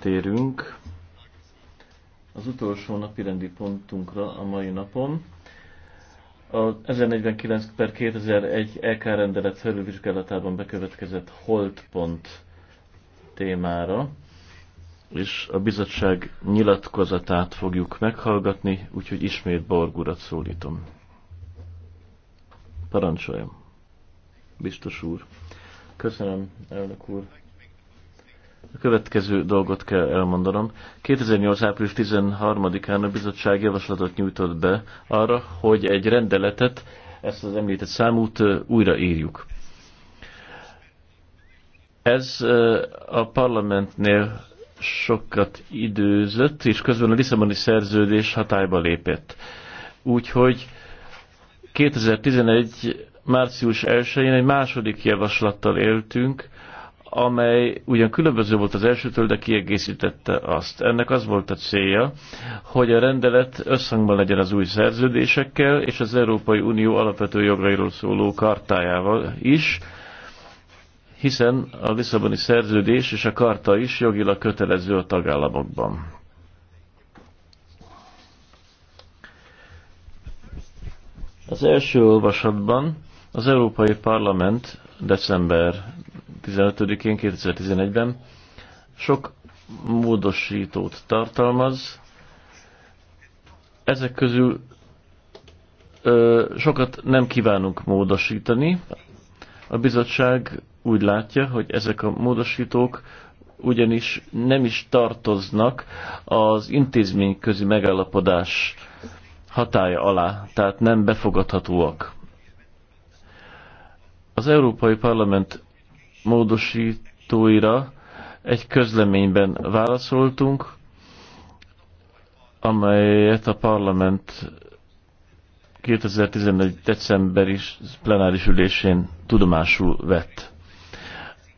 térünk az utolsó napi rendi pontunkra a mai napon. A 1049 per 2001 EK rendelet felülvizsgálatában bekövetkezett holdpont témára, és a bizottság nyilatkozatát fogjuk meghallgatni, úgyhogy ismét Borgurat szólítom. Parancsoljam. Biztos úr. Köszönöm, elnök úr. A következő dolgot kell elmondanom. 2008. április 13-án a bizottság javaslatot nyújtott be arra, hogy egy rendeletet, ezt az említett számút újraírjuk. Ez a parlamentnél sokat időzött, és közben a Lisszaboni szerződés hatályba lépett. Úgyhogy 2011. március 1-én egy második javaslattal éltünk, amely ugyan különböző volt az elsőtől, de kiegészítette azt. Ennek az volt a célja, hogy a rendelet összhangban legyen az új szerződésekkel és az Európai Unió alapvető jogairól szóló kartájával is, hiszen a Lisszaboni szerződés és a karta is jogilag kötelező a tagállamokban. Az első olvasatban az Európai Parlament december 15-én 2011-ben sok módosítót tartalmaz. Ezek közül ö, sokat nem kívánunk módosítani. A bizottság úgy látja, hogy ezek a módosítók ugyanis nem is tartoznak az intézményközi megállapodás hatája alá, tehát nem befogadhatóak. Az Európai Parlament módosítóira egy közleményben válaszoltunk, amelyet a parlament 2011. decemberi plenáris ülésén tudomásul vett.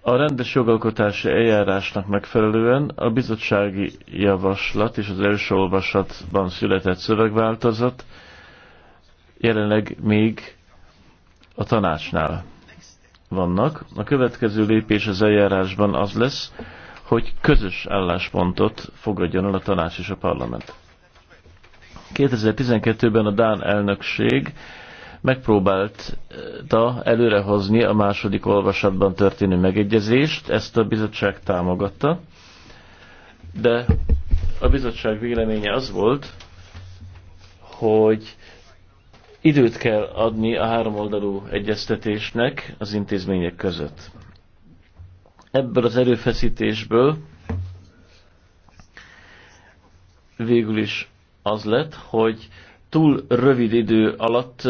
A rendes jogalkotási eljárásnak megfelelően a bizottsági javaslat és az első olvasatban született szövegváltozat jelenleg még a tanácsnál vannak. A következő lépés az eljárásban az lesz, hogy közös álláspontot fogadjon el a tanács és a parlament. 2012-ben a Dán elnökség megpróbálta előrehozni a második olvasatban történő megegyezést, ezt a bizottság támogatta, de a bizottság véleménye az volt, hogy Időt kell adni a háromoldalú egyeztetésnek az intézmények között. Ebből az erőfeszítésből végül is az lett, hogy túl rövid idő alatt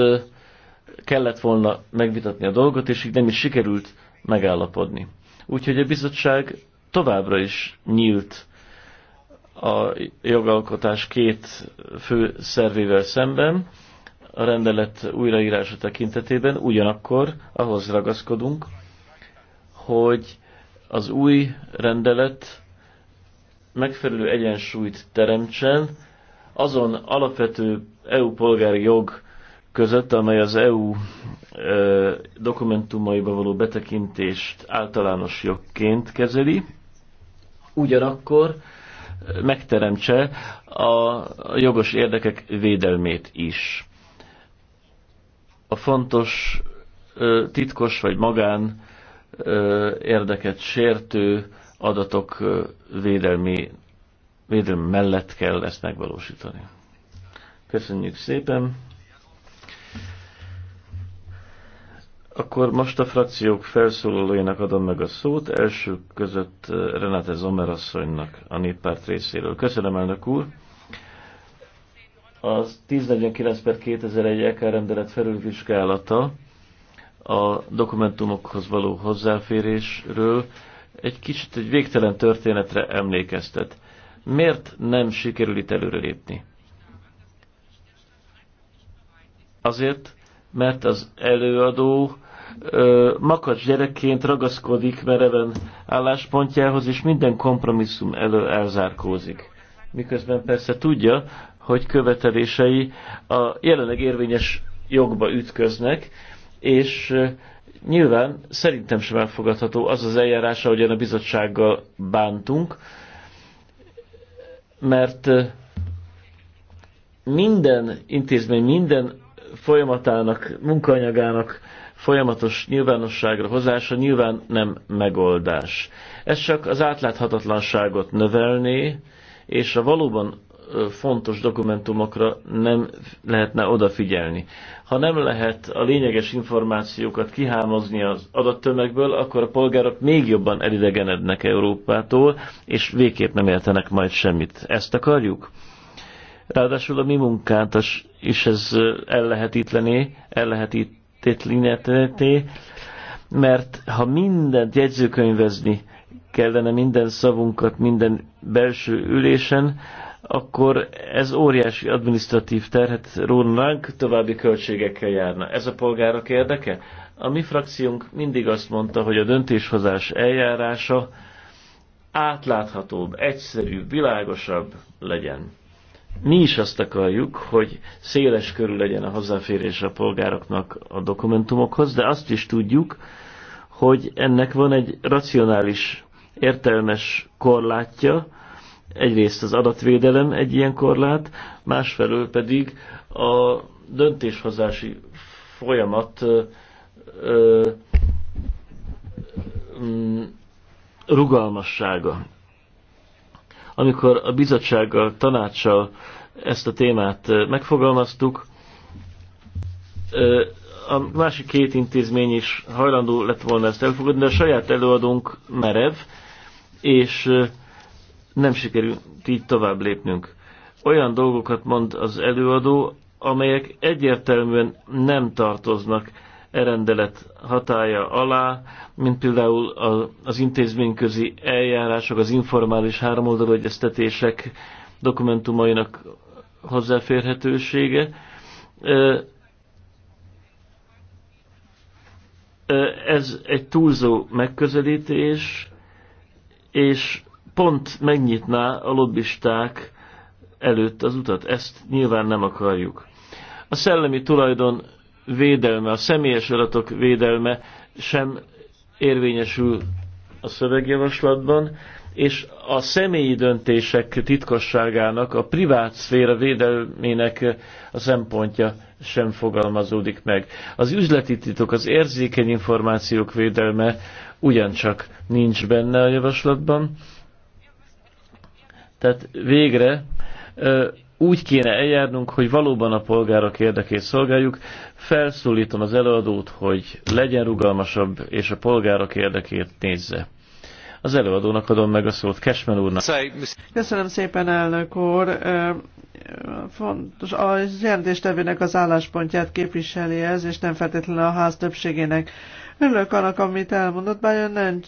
kellett volna megvitatni a dolgot, és így nem is sikerült megállapodni. Úgyhogy a bizottság továbbra is nyílt a jogalkotás két fő szervével szemben, a rendelet újraírása tekintetében, ugyanakkor ahhoz ragaszkodunk, hogy az új rendelet megfelelő egyensúlyt teremtsen azon alapvető EU polgári jog között, amely az EU ö, dokumentumaiba való betekintést általános jogként kezeli, ugyanakkor megteremtse a jogos érdekek védelmét is a fontos titkos vagy magán érdeket sértő adatok védelmi, védelmi mellett kell ezt megvalósítani. Köszönjük szépen! Akkor most a frakciók felszólalójának adom meg a szót, első között Renate Zomer asszonynak a néppárt részéről. Köszönöm, elnök úr! az 1049 per 2001 EK rendelet felülvizsgálata a dokumentumokhoz való hozzáférésről egy kicsit egy végtelen történetre emlékeztet. Miért nem sikerül itt előrelépni? Azért, mert az előadó ö, makacs gyerekként ragaszkodik mereven álláspontjához, és minden kompromisszum elő elzárkózik. Miközben persze tudja, hogy követelései a jelenleg érvényes jogba ütköznek, és nyilván szerintem sem elfogadható az az eljárása, ahogyan a bizottsággal bántunk, mert minden intézmény, minden folyamatának, munkanyagának folyamatos nyilvánosságra hozása nyilván nem megoldás. Ez csak az átláthatatlanságot növelné, és a valóban fontos dokumentumokra nem lehetne odafigyelni. Ha nem lehet a lényeges információkat kihámozni az adattömegből, akkor a polgárok még jobban elidegenednek Európától, és végképp nem értenek majd semmit. Ezt akarjuk? Ráadásul a mi munkánt is ez ellehetítlené, ellehetítetlené, mert ha mindent jegyzőkönyvezni kellene minden szavunkat minden belső ülésen, akkor ez óriási adminisztratív terhet rónnánk, további költségekkel járna. Ez a polgárok érdeke? A mi frakciónk mindig azt mondta, hogy a döntéshozás eljárása átláthatóbb, egyszerűbb, világosabb legyen. Mi is azt akarjuk, hogy széles körül legyen a hozzáférés a polgároknak a dokumentumokhoz, de azt is tudjuk, hogy ennek van egy racionális, értelmes korlátja, Egyrészt az adatvédelem egy ilyen korlát, másfelől pedig a döntéshozási folyamat ö, ö, mm, rugalmassága. Amikor a bizottsággal, tanácssal ezt a témát megfogalmaztuk, a másik két intézmény is hajlandó lett volna ezt elfogadni, de a saját előadónk merev, és nem sikerült így tovább lépnünk. Olyan dolgokat mond az előadó, amelyek egyértelműen nem tartoznak e rendelet hatája alá, mint például az intézményközi eljárások, az informális háromoldalú egyeztetések dokumentumainak hozzáférhetősége. Ez egy túlzó megközelítés, és pont megnyitná a lobbisták előtt az utat. Ezt nyilván nem akarjuk. A szellemi tulajdon védelme, a személyes adatok védelme sem érvényesül a szövegjavaslatban, és a személyi döntések titkosságának, a privát szféra védelmének a szempontja sem fogalmazódik meg. Az üzleti titok, az érzékeny információk védelme ugyancsak nincs benne a javaslatban, tehát végre úgy kéne eljárnunk, hogy valóban a polgárok érdekét szolgáljuk. Felszólítom az előadót, hogy legyen rugalmasabb, és a polgárok érdekét nézze. Az előadónak adom meg a szót, Kesmen úrnak. Köszönöm szépen, elnök úr. Fontos, a jelentéstevőnek az álláspontját képviseli ez, és nem feltétlenül a ház többségének. Örülök annak, amit elmondott, bár ön nem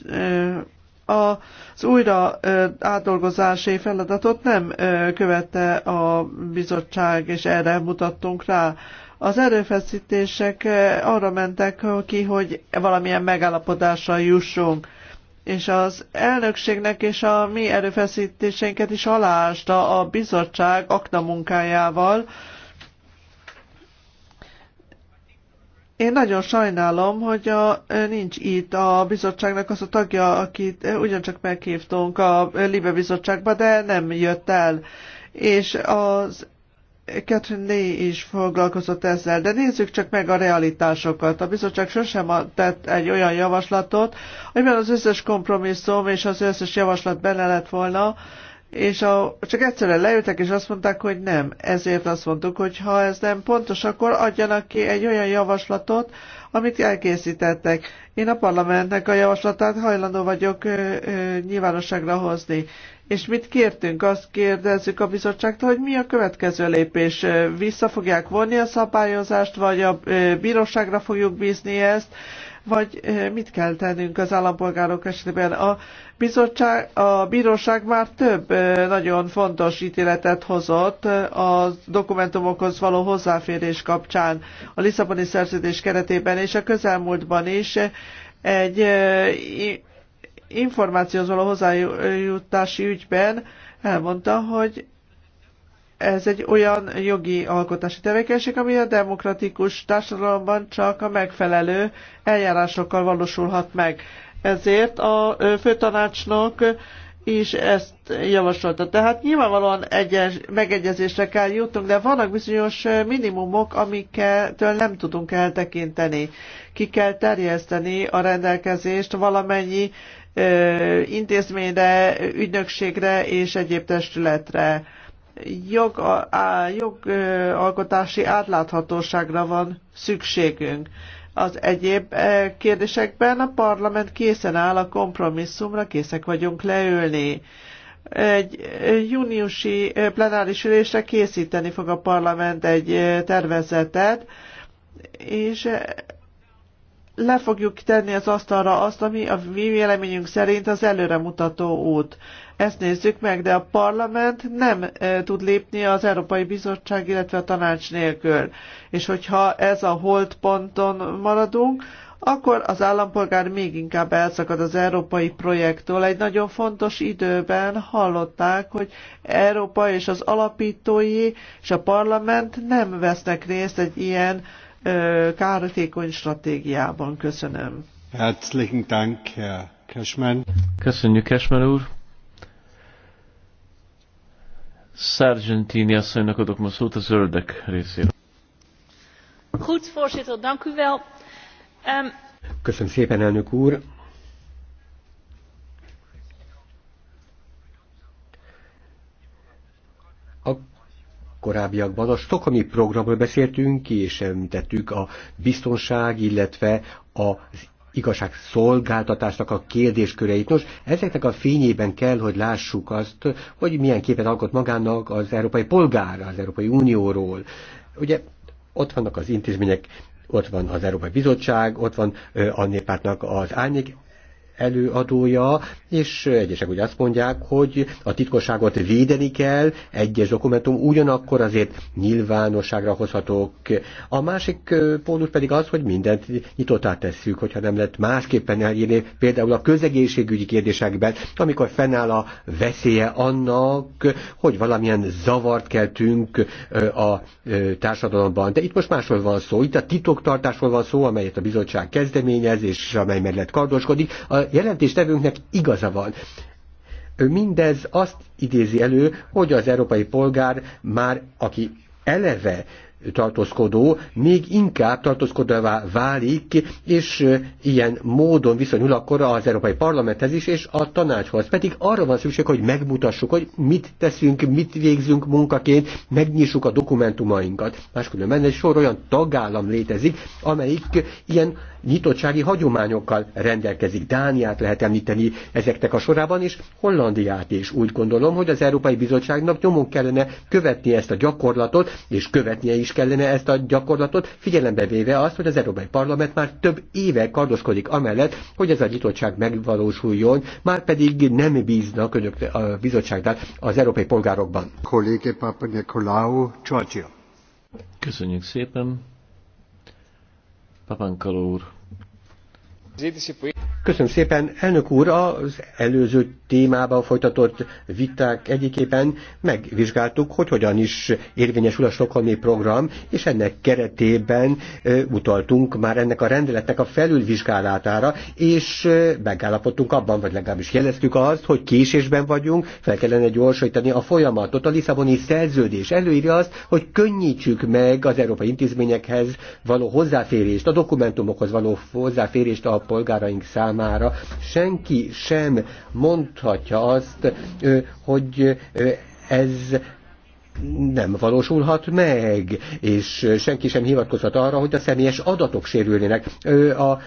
az újra átdolgozási feladatot nem követte a bizottság, és erre mutattunk rá. Az erőfeszítések arra mentek ki, hogy valamilyen megállapodásra jussunk és az elnökségnek és a mi erőfeszítéseinket is aláásta a bizottság akna munkájával, Én nagyon sajnálom, hogy a, nincs itt a bizottságnak az a tagja, akit ugyancsak meghívtunk a Libe bizottságba, de nem jött el. És az Catherine Lee is foglalkozott ezzel, de nézzük csak meg a realitásokat. A bizottság sosem tett egy olyan javaslatot, amiben az összes kompromisszum és az összes javaslat benne lett volna, és a, csak egyszerűen leültek, és azt mondták, hogy nem. Ezért azt mondtuk, hogy ha ez nem pontos, akkor adjanak ki egy olyan javaslatot, amit elkészítettek. Én a parlamentnek a javaslatát hajlandó vagyok ö, ö, nyilvánosságra hozni. És mit kértünk? Azt kérdezzük a bizottságtól, hogy mi a következő lépés. Vissza fogják vonni a szabályozást, vagy a bíróságra fogjuk bízni ezt, vagy mit kell tennünk az állampolgárok esetében. A, bizottság, a bíróság már több nagyon fontos ítéletet hozott a dokumentumokhoz való hozzáférés kapcsán a Lisszaboni szerződés keretében és a közelmúltban is egy információhoz való hozzájutási ügyben elmondta, hogy ez egy olyan jogi alkotási tevékenység, ami a demokratikus társadalomban csak a megfelelő eljárásokkal valósulhat meg. Ezért a főtanácsnok is ezt javasolta. Tehát nyilvánvalóan egyes, megegyezésre kell jutnunk, de vannak bizonyos minimumok, amiketől nem tudunk eltekinteni. Ki kell terjeszteni a rendelkezést valamennyi ö, intézményre, ügynökségre és egyéb testületre jog, á, jogalkotási átláthatóságra van szükségünk. Az egyéb e, kérdésekben a parlament készen áll a kompromisszumra, készek vagyunk leülni. Egy júniusi e, plenáris ülésre készíteni fog a parlament egy e, tervezetet, és le fogjuk tenni az asztalra azt, ami a mi véleményünk szerint az előremutató út. Ezt nézzük meg, de a parlament nem e, tud lépni az Európai Bizottság, illetve a tanács nélkül. És hogyha ez a ponton maradunk, akkor az állampolgár még inkább elszakad az európai projektől. Egy nagyon fontos időben hallották, hogy Európa és az alapítói és a parlament nem vesznek részt egy ilyen kártékony stratégiában. Köszönöm. Herzlichen Dank, Herr Cashman. Köszönjük, Cashman úr. Sargentini asszonynak adok most szót a zöldek részéről. Goed, voorzitter, dank u wel. Um... Köszönöm szépen, elnök úr. korábbiakban a stokholmi programról beszéltünk, és említettük a biztonság, illetve az szolgáltatásnak a kérdésköreit. Nos, ezeknek a fényében kell, hogy lássuk azt, hogy milyen képet alkot magának az európai polgár, az Európai Unióról. Ugye ott vannak az intézmények, ott van az Európai Bizottság, ott van a néppártnak az árnyék előadója, és egyesek úgy azt mondják, hogy a titkosságot védeni kell, egyes dokumentum ugyanakkor azért nyilvánosságra hozhatók. A másik pólus pedig az, hogy mindent nyitottá tesszük, hogyha nem lett másképpen elírni, például a közegészségügyi kérdésekben, amikor fennáll a veszélye annak, hogy valamilyen zavart keltünk a társadalomban. De itt most másról van szó, itt a titoktartásról van szó, amelyet a bizottság kezdeményez, és amely mellett kardoskodik. A jelentéstevőnknek igaza van. Mindez azt idézi elő, hogy az európai polgár már, aki eleve tartózkodó még inkább tartózkodóvá válik, és ilyen módon viszonyul akkor az Európai Parlamenthez is, és a tanácshoz. Pedig arra van szükség, hogy megmutassuk, hogy mit teszünk, mit végzünk munkaként, megnyissuk a dokumentumainkat. Máskülönben egy sor olyan tagállam létezik, amelyik ilyen nyitottsági hagyományokkal rendelkezik. Dániát lehet említeni ezeknek a sorában, és Hollandiát is. Úgy gondolom, hogy az Európai Bizottságnak nyomon kellene követni ezt a gyakorlatot, és követnie is kellene ezt a gyakorlatot, figyelembe véve azt, hogy az Európai Parlament már több éve kardoskodik amellett, hogy ez a nyitottság megvalósuljon, már pedig nem bíznak önök a bizottságnál az európai polgárokban. Kollége Papa Nikolau, Georgia. Köszönjük szépen. Papankaló úr. Köszönöm szépen, elnök úr, az előző témában folytatott viták egyikében megvizsgáltuk, hogy hogyan is érvényesül a Stokholmi program, és ennek keretében utaltunk már ennek a rendeletnek a felülvizsgálatára, és megállapodtunk abban, vagy legalábbis jeleztük azt, hogy késésben vagyunk, fel kellene gyorsítani a folyamatot. A Lisszaboni szerződés előírja azt, hogy könnyítsük meg az európai intézményekhez való hozzáférést, a dokumentumokhoz való hozzáférést a polgáraink számára számára. Senki sem mondhatja azt, hogy ez nem valósulhat meg, és senki sem hivatkozhat arra, hogy a személyes adatok sérülnének. A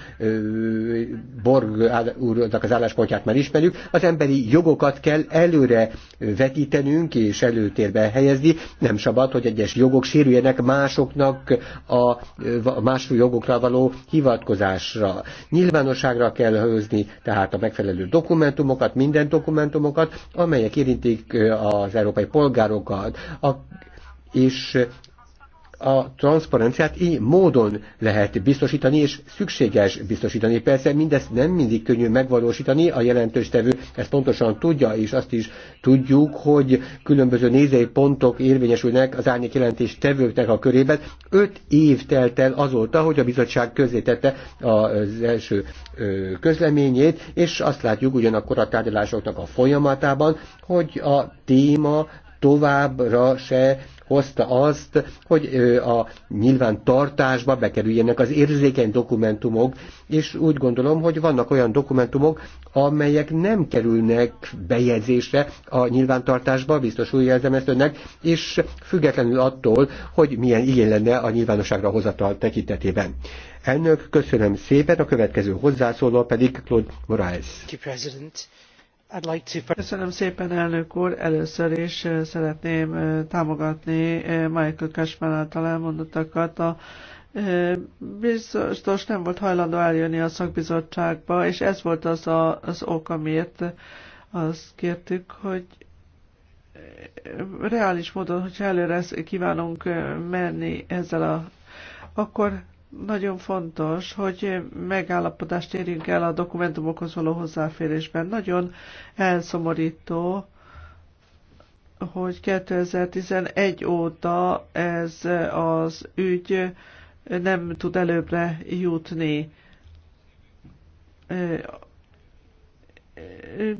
Borg úrnak az álláspontját már ismerjük, az emberi jogokat kell előre vetítenünk és előtérbe helyezni, nem szabad, hogy egyes jogok sérüljenek másoknak a más jogokra való hivatkozásra. Nyilvánosságra kell hozni tehát a megfelelő dokumentumokat, minden dokumentumokat, amelyek érintik az európai polgárokat, a, és a transzparenciát így módon lehet biztosítani, és szükséges biztosítani. Persze mindezt nem mindig könnyű megvalósítani, a jelentős tevő ezt pontosan tudja, és azt is tudjuk, hogy különböző nézői pontok érvényesülnek az árnyék jelentés tevőknek a körében. Öt év telt el azóta, hogy a bizottság közzétette az első közleményét, és azt látjuk ugyanakkor a tárgyalásoknak a folyamatában, hogy a téma továbbra se hozta azt, hogy a nyilván tartásba bekerüljenek az érzékeny dokumentumok, és úgy gondolom, hogy vannak olyan dokumentumok, amelyek nem kerülnek bejegyzésre a nyilvántartásba, biztos úgy jelzem ezt önnek, és függetlenül attól, hogy milyen igény lenne a nyilvánosságra hozatal tekintetében. Elnök, köszönöm szépen, a következő hozzászóló pedig Claude Moraes. Köszönöm szépen, elnök úr! Először is eh, szeretném eh, támogatni eh, Michael Cashman által elmondottakat. A biztos nem volt hajlandó eljönni a szakbizottságba, és ez volt az a, az ok, amiért azt kértük, hogy reális módon, hogyha előre kívánunk menni ezzel a, akkor nagyon fontos, hogy megállapodást érjünk el a dokumentumokhoz való hozzáférésben. Nagyon elszomorító, hogy 2011 óta ez az ügy nem tud előbbre jutni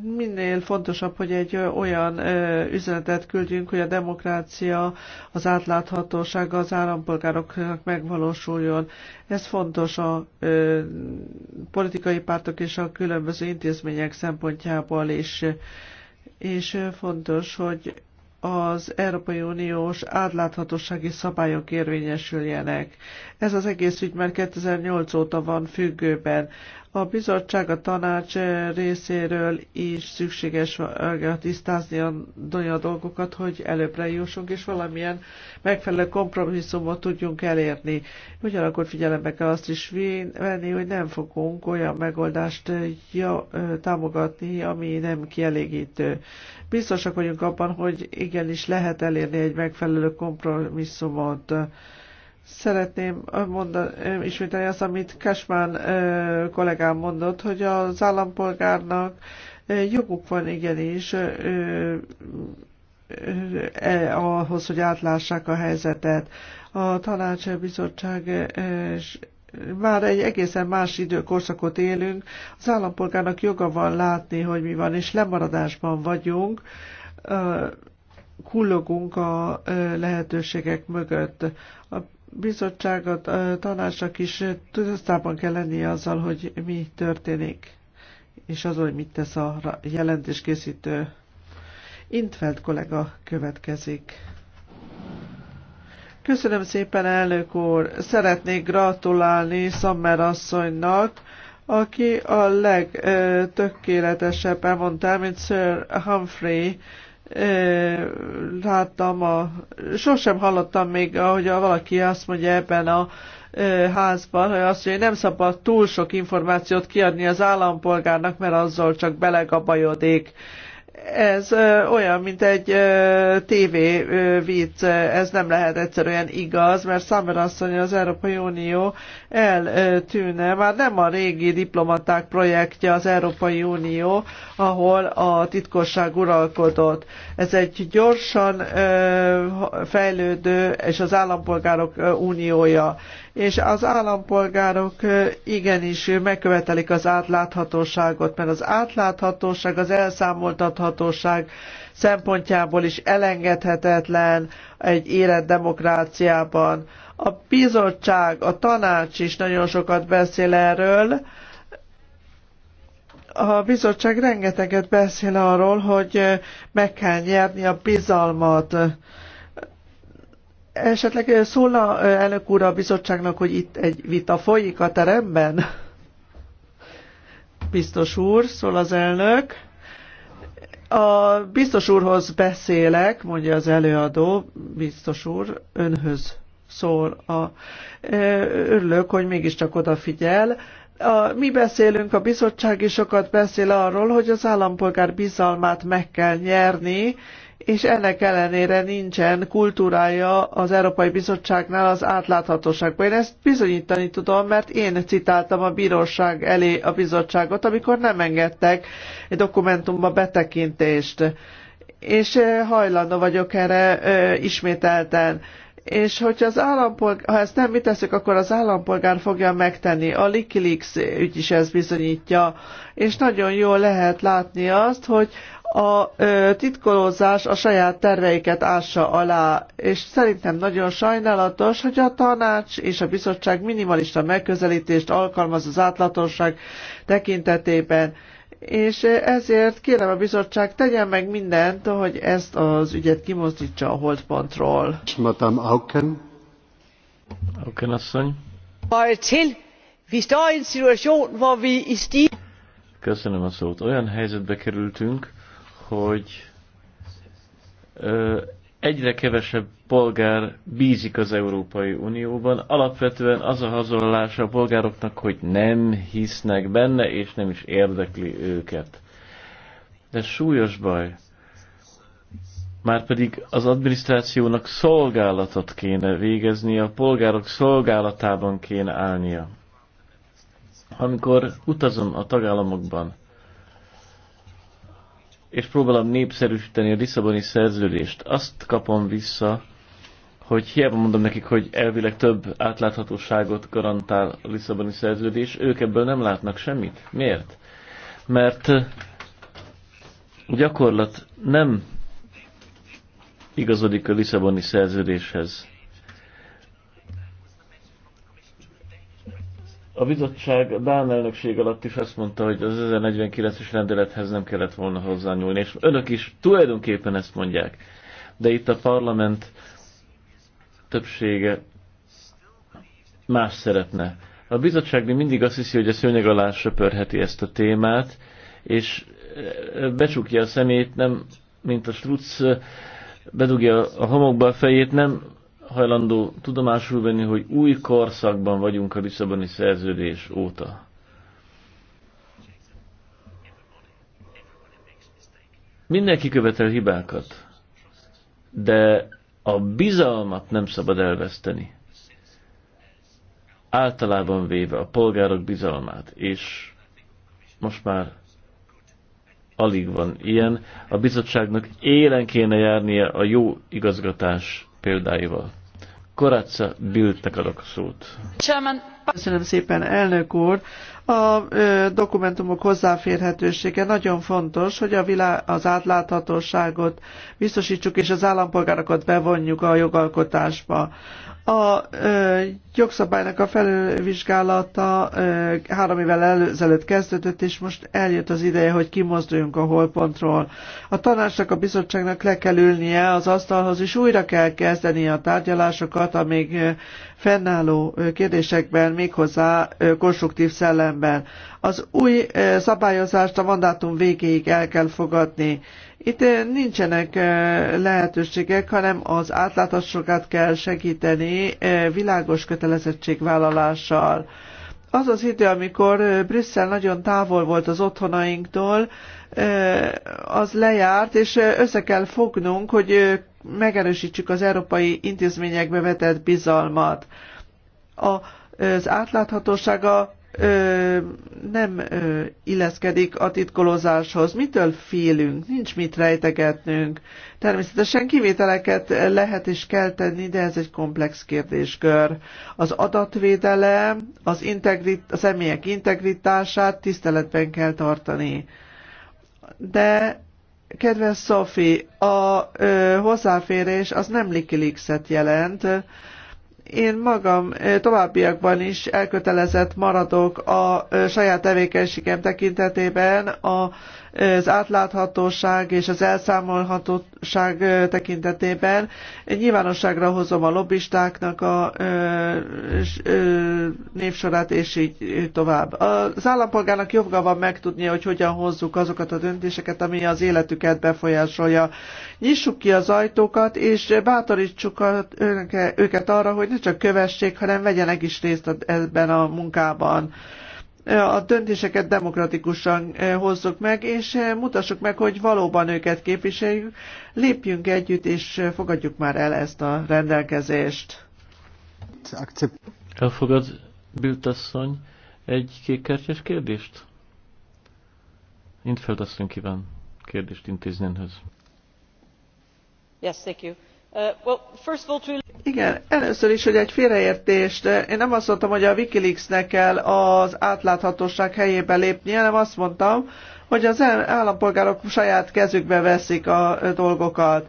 minél fontosabb, hogy egy olyan üzenetet küldjünk, hogy a demokrácia, az átláthatósága az állampolgároknak megvalósuljon. Ez fontos a politikai pártok és a különböző intézmények szempontjából is. És fontos, hogy az Európai Uniós átláthatósági szabályok érvényesüljenek. Ez az egész ügy már 2008 óta van függőben. A bizottság a tanács részéről is szükséges tisztázni a dolgokat, hogy előbbre jussunk, és valamilyen megfelelő kompromisszumot tudjunk elérni. Ugyanakkor figyelembe kell azt is venni, hogy nem fogunk olyan megoldást támogatni, ami nem kielégítő. Biztosak vagyunk abban, hogy igenis lehet elérni egy megfelelő kompromisszumot. Szeretném mondani, ismételni azt, amit Kasmán kollégám mondott, hogy az állampolgárnak joguk van igenis e, ahhoz, hogy átlássák a helyzetet. A tanács bizottság már egy egészen más időkorszakot élünk, az állampolgárnak joga van látni, hogy mi van, és lemaradásban vagyunk kullogunk a lehetőségek mögött. A bizottság, a tanácsnak is tudatában kell lennie azzal, hogy mi történik, és az, hogy mit tesz a jelentéskészítő. Intfeld kollega következik. Köszönöm szépen, elnök úr! Szeretnék gratulálni Szammer asszonynak, aki a legtökéletesebb elmondta, mint Sir Humphrey, láttam, a, sosem hallottam még, ahogy valaki azt mondja ebben a házban, hogy azt mondja, hogy nem szabad túl sok információt kiadni az állampolgárnak, mert azzal csak belegabajodik ez olyan, mint egy TV vicc, ez nem lehet egyszerűen igaz, mert Summer asszony az Európai Unió eltűne. Már nem a régi diplomaták projektje az Európai Unió, ahol a titkosság uralkodott. Ez egy gyorsan fejlődő és az állampolgárok uniója és az állampolgárok igenis megkövetelik az átláthatóságot, mert az átláthatóság, az elszámoltathatóság szempontjából is elengedhetetlen egy érett demokráciában. A bizottság, a tanács is nagyon sokat beszél erről, a bizottság rengeteget beszél arról, hogy meg kell nyerni a bizalmat. Esetleg eh, szólna eh, elnök úr a bizottságnak, hogy itt egy vita folyik a teremben? Biztos úr, szól az elnök. A biztos úrhoz beszélek, mondja az előadó, biztos úr, önhöz szól. A, eh, örülök, hogy mégiscsak odafigyel. A, mi beszélünk, a bizottság is sokat beszél arról, hogy az állampolgár bizalmát meg kell nyerni, és ennek ellenére nincsen kultúrája az Európai Bizottságnál az átláthatóságban. Én ezt bizonyítani tudom, mert én citáltam a bíróság elé a bizottságot, amikor nem engedtek egy dokumentumba betekintést. És hajlandó vagyok erre ö, ismételten és hogyha az állampolgár, ha ezt nem mi teszük, akkor az állampolgár fogja megtenni. A Likilix ügy is ezt bizonyítja, és nagyon jól lehet látni azt, hogy a titkolózás a saját terveiket ássa alá, és szerintem nagyon sajnálatos, hogy a tanács és a bizottság minimalista megközelítést alkalmaz az átlatosság tekintetében, és ezért kérem a bizottság tegyen meg mindent, hogy ezt az ügyet kimozdítsa a holdpontról. Madame Auken. Auken asszony. Köszönöm a szót. Olyan helyzetbe kerültünk, hogy egyre kevesebb polgár bízik az Európai Unióban. Alapvetően az a hazolás a polgároknak, hogy nem hisznek benne, és nem is érdekli őket. De súlyos baj. Márpedig az adminisztrációnak szolgálatot kéne végezni a polgárok szolgálatában kéne állnia. Amikor utazom a tagállamokban, és próbálom népszerűsíteni a Lisszaboni szerződést. Azt kapom vissza, hogy hiába mondom nekik, hogy elvileg több átláthatóságot garantál a Lisszaboni szerződés, ők ebből nem látnak semmit. Miért? Mert uh, gyakorlat nem igazodik a Lisszaboni szerződéshez. A bizottság a Dán elnökség alatt is azt mondta, hogy az 1049-es rendelethez nem kellett volna hozzányúlni, és önök is tulajdonképpen ezt mondják. De itt a parlament többsége más szeretne. A bizottság még mindig azt hiszi, hogy a szőnyeg alá söpörheti ezt a témát, és e, becsukja a szemét, nem, mint a struc, e, bedugja a homokba a fejét, nem hajlandó tudomásul venni, hogy új korszakban vagyunk a Lisszaboni szerződés óta. Mindenki követel hibákat, de a bizalmat nem szabad elveszteni. Általában véve a polgárok bizalmát, és most már alig van ilyen. A bizottságnak élen kéne járnia a jó igazgatás példáival. Koratza Bildnek adok a szót. Chairman, Köszönöm szépen, elnök úr! A ö, dokumentumok hozzáférhetősége nagyon fontos, hogy a vilá, az átláthatóságot biztosítsuk, és az állampolgárokat bevonjuk a jogalkotásba. A ö, jogszabálynak a felülvizsgálata ö, három évvel előzelőtt kezdődött, és most eljött az ideje, hogy kimozduljunk a holpontról. A tanácsnak, a bizottságnak le kell ülnie az asztalhoz, és újra kell kezdeni a tárgyalásokat, amíg fennálló kérdésekben méghozzá konstruktív szellemben. Az új szabályozást a mandátum végéig el kell fogadni. Itt nincsenek lehetőségek, hanem az átláthatóságát kell segíteni világos kötelezettségvállalással. Az az idő, amikor Brüsszel nagyon távol volt az otthonainktól, az lejárt, és össze kell fognunk, hogy megerősítsük az európai intézményekbe vetett bizalmat. A, az átláthatósága ö, nem ö, illeszkedik a titkolózáshoz. Mitől félünk? Nincs mit rejtegetnünk. Természetesen kivételeket lehet és kell tenni, de ez egy komplex kérdéskör. Az adatvédelem, az integrit, a személyek integritását tiszteletben kell tartani. De Kedves Sophie, a ö, hozzáférés az nem Wikileaks-et jelent, én magam továbbiakban is elkötelezett maradok a saját tevékenységem tekintetében, az átláthatóság és az elszámolhatóság tekintetében. Nyilvánosságra hozom a lobbistáknak a névsorát, és így tovább. Az állampolgárnak joga van megtudnia, hogy hogyan hozzuk azokat a döntéseket, ami az életüket befolyásolja. Nyissuk ki az ajtókat, és bátorítsuk őket arra, hogy ne ne csak kövessék, hanem vegyenek is részt ebben a munkában a döntéseket demokratikusan hozzuk meg, és mutassuk meg, hogy valóban őket képviseljük, lépjünk együtt, és fogadjuk már el ezt a rendelkezést. Elfogad, Biltasszony, egy kékkártyás kérdést? Mint feltasszony kíván kérdést intézni önhöz. Yes, thank you. Uh, Igen, először is, hogy egy félreértést. Én nem azt mondtam, hogy a Wikileaksnek kell az átláthatóság helyébe lépni, hanem azt mondtam, hogy az állampolgárok saját kezükbe veszik a dolgokat.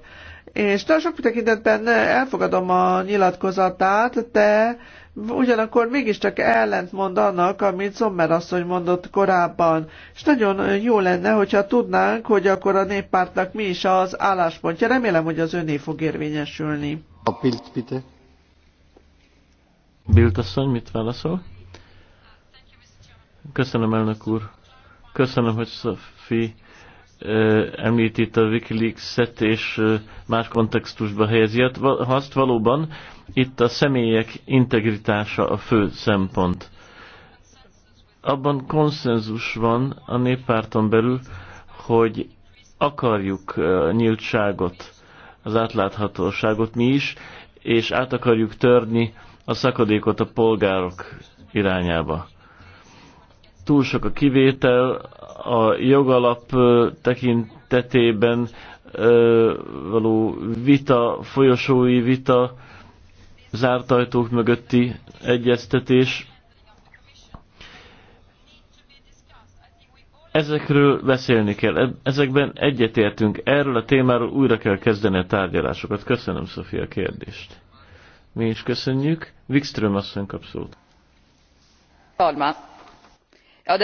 És nagyon sok tekintetben elfogadom a nyilatkozatát, de ugyanakkor mégiscsak ellentmond annak, amit Zommer asszony mondott korábban. És nagyon jó lenne, hogyha tudnánk, hogy akkor a néppártnak mi is az álláspontja. Remélem, hogy az öné fog érvényesülni. A Bilt, bitte. Bilt asszony, mit válaszol? Köszönöm, elnök úr. Köszönöm, hogy Sophie említ itt a Wikileaks-et és más kontextusba helyezi hát azt valóban, itt a személyek integritása a fő szempont. Abban konszenzus van a néppárton belül, hogy akarjuk a nyíltságot, az átláthatóságot mi is, és át akarjuk törni a szakadékot a polgárok irányába. Túl sok a kivétel, a jogalap tekintetében való vita, folyosói vita, zárt ajtók mögötti egyeztetés. Ezekről beszélni kell, e- ezekben egyetértünk, erről a témáról újra kell kezdeni a tárgyalásokat. Köszönöm, Szofia, a kérdést. Mi is köszönjük. Wikström asszony kap szót. Oh,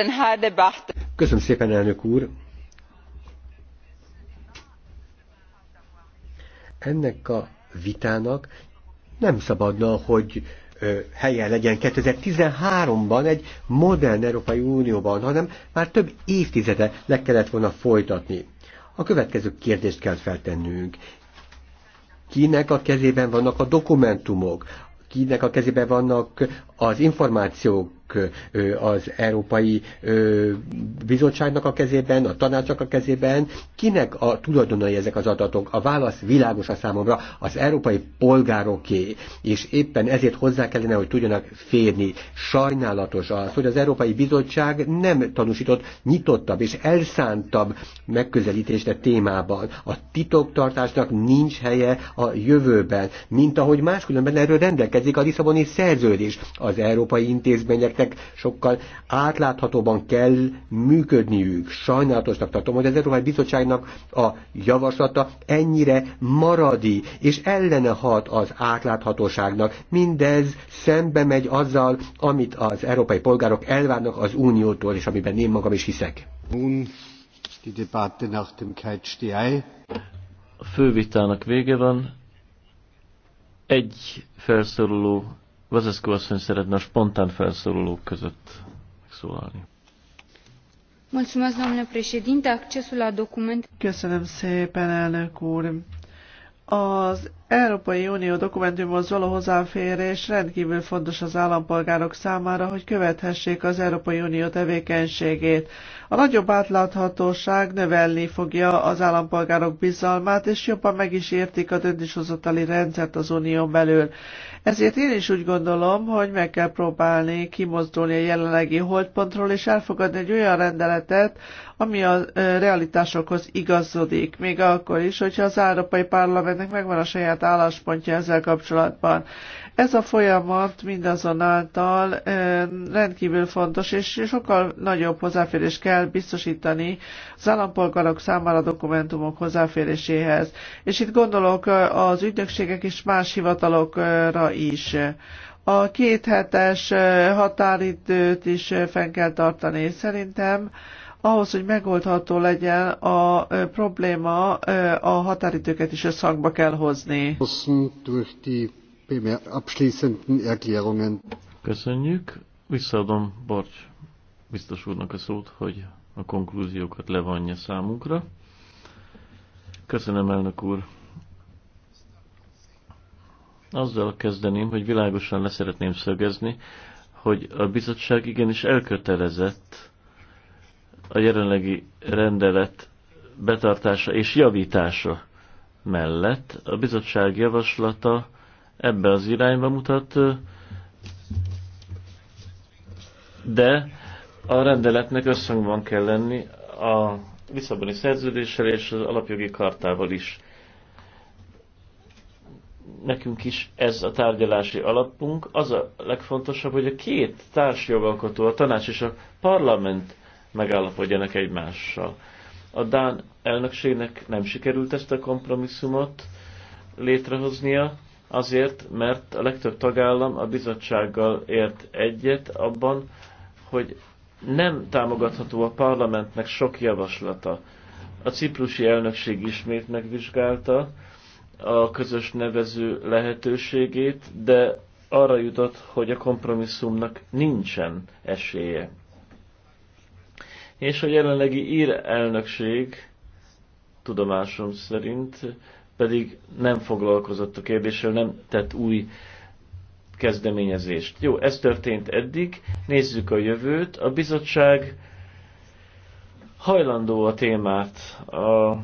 Köszönöm szépen, elnök úr! Ennek a vitának nem szabadna, hogy helyen legyen 2013-ban egy modern Európai Unióban, hanem már több évtizede le kellett volna folytatni. A következő kérdést kell feltennünk. Kinek a kezében vannak a dokumentumok? Kinek a kezében vannak az információk? az Európai Bizottságnak a kezében, a tanácsnak a kezében. Kinek a tulajdonai ezek az adatok? A válasz világos a számomra, az európai polgároké, és éppen ezért hozzá kellene, hogy tudjanak férni. Sajnálatos az, hogy az Európai Bizottság nem tanúsított nyitottabb és elszántabb megközelítést a e témában. A titoktartásnak nincs helye a jövőben, mint ahogy máskülönben erről rendelkezik a Lisszaboni szerződés. Az európai intézmények szervezeteknek sokkal átláthatóban kell működniük. Sajnálatosnak tartom, hogy az Európai Bizottságnak a javaslata ennyire maradi, és ellene hat az átláthatóságnak. Mindez szembe megy azzal, amit az európai polgárok elvárnak az Uniótól, és amiben én magam is hiszek. A fővitának vége van. Egy felszoruló Vazeszko asszony szeretne a spontán felszólalók között megszólalni. Köszönöm szépen, elnök úr. Az Európai Unió dokumentumhoz való hozzáférés rendkívül fontos az állampolgárok számára, hogy követhessék az Európai Unió tevékenységét. A nagyobb átláthatóság növelni fogja az állampolgárok bizalmát, és jobban meg is értik a döntéshozatali rendszert az unión belül. Ezért én is úgy gondolom, hogy meg kell próbálni kimozdulni a jelenlegi holdpontról, és elfogadni egy olyan rendeletet, ami a realitásokhoz igazodik, még akkor is, hogyha az Európai Parlamentnek megvan a saját álláspontja ezzel kapcsolatban. Ez a folyamat mindazonáltal rendkívül fontos, és sokkal nagyobb hozzáférés kell biztosítani az állampolgárok számára dokumentumok hozzáféréséhez. És itt gondolok az ügynökségek és más hivatalokra is. A két hetes határidőt is fenn kell tartani. Szerintem ahhoz, hogy megoldható legyen a probléma, a határidőket is összhangba kell hozni. Köszönjük. Visszaadom Barcs biztos úrnak a szót, hogy a konklúziókat levonja számunkra. Köszönöm, elnök úr. Azzal kezdeném, hogy világosan leszeretném szögezni, hogy a bizottság igenis elkötelezett a jelenlegi rendelet betartása és javítása mellett a bizottság javaslata ebbe az irányba mutat, de a rendeletnek összhangban kell lenni a Lisszaboni szerződéssel és az alapjogi kartával is. Nekünk is ez a tárgyalási alapunk. Az a legfontosabb, hogy a két társjogalkotó, a tanács és a parlament megállapodjanak egymással. A Dán elnökségnek nem sikerült ezt a kompromisszumot létrehoznia, azért, mert a legtöbb tagállam a bizottsággal ért egyet abban, hogy nem támogatható a parlamentnek sok javaslata. A ciprusi elnökség ismét megvizsgálta a közös nevező lehetőségét, de arra jutott, hogy a kompromisszumnak nincsen esélye és a jelenlegi ír elnökség tudomásom szerint pedig nem foglalkozott a kérdéssel, nem tett új kezdeményezést. Jó, ez történt eddig, nézzük a jövőt. A bizottság hajlandó a témát a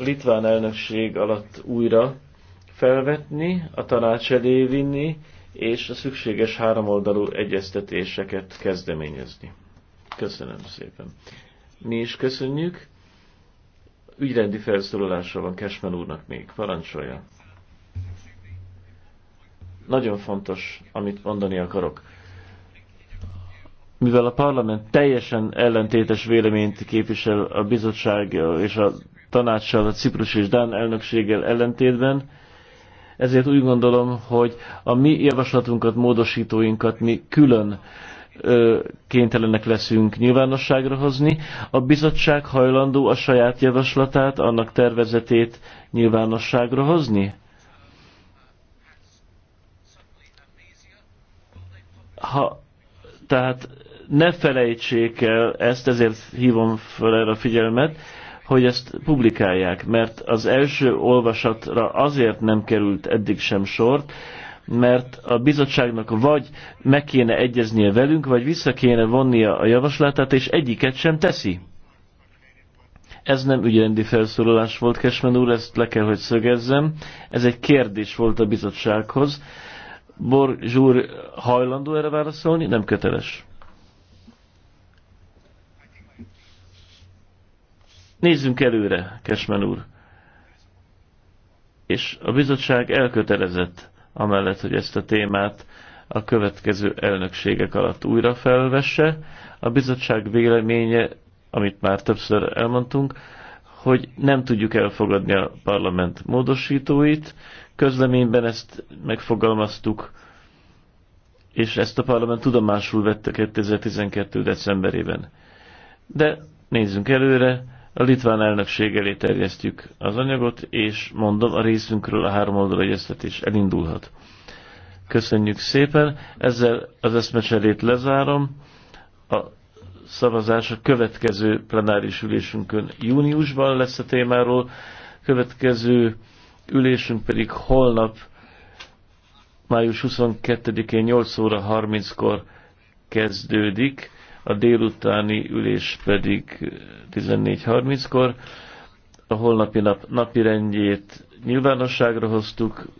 litván elnökség alatt újra felvetni, a tanács elé vinni, és a szükséges háromoldalú egyeztetéseket kezdeményezni. Köszönöm szépen. Mi is köszönjük. Ügyrendi felszólalásra van Kesmen úrnak még. Parancsolja. Nagyon fontos, amit mondani akarok. Mivel a parlament teljesen ellentétes véleményt képvisel a bizottság és a tanácssal, a Ciprus és Dán elnökséggel ellentétben, ezért úgy gondolom, hogy a mi javaslatunkat, módosítóinkat mi külön kénytelenek leszünk nyilvánosságra hozni. A bizottság hajlandó a saját javaslatát, annak tervezetét nyilvánosságra hozni? Ha, tehát ne felejtsék el ezt, ezért hívom fel erre a figyelmet, hogy ezt publikálják, mert az első olvasatra azért nem került eddig sem sort, mert a bizottságnak vagy meg kéne egyeznie velünk, vagy vissza kéne vonnia a javaslatát, és egyiket sem teszi. Ez nem ügyrendi felszólalás volt, Kesmen úr, ezt le kell, hogy szögezzem. Ez egy kérdés volt a bizottsághoz. Bor Zsúr hajlandó erre válaszolni? Nem köteles. Nézzünk előre, Kesmen úr. És a bizottság elkötelezett amellett, hogy ezt a témát a következő elnökségek alatt újra felvesse. A bizottság véleménye, amit már többször elmondtunk, hogy nem tudjuk elfogadni a parlament módosítóit. Közleményben ezt megfogalmaztuk, és ezt a parlament tudomásul vette 2012. decemberében. De nézzünk előre, a litván elnökség elé terjesztjük az anyagot, és mondom, a részünkről a három oldal egyeztetés elindulhat. Köszönjük szépen, ezzel az eszmecserét lezárom. A szavazás a következő plenáris ülésünkön júniusban lesz a témáról, következő ülésünk pedig holnap, május 22-én 8 óra 30-kor kezdődik a délutáni ülés pedig 14.30-kor. A holnapi nap napirendjét nyilvánosságra hoztuk,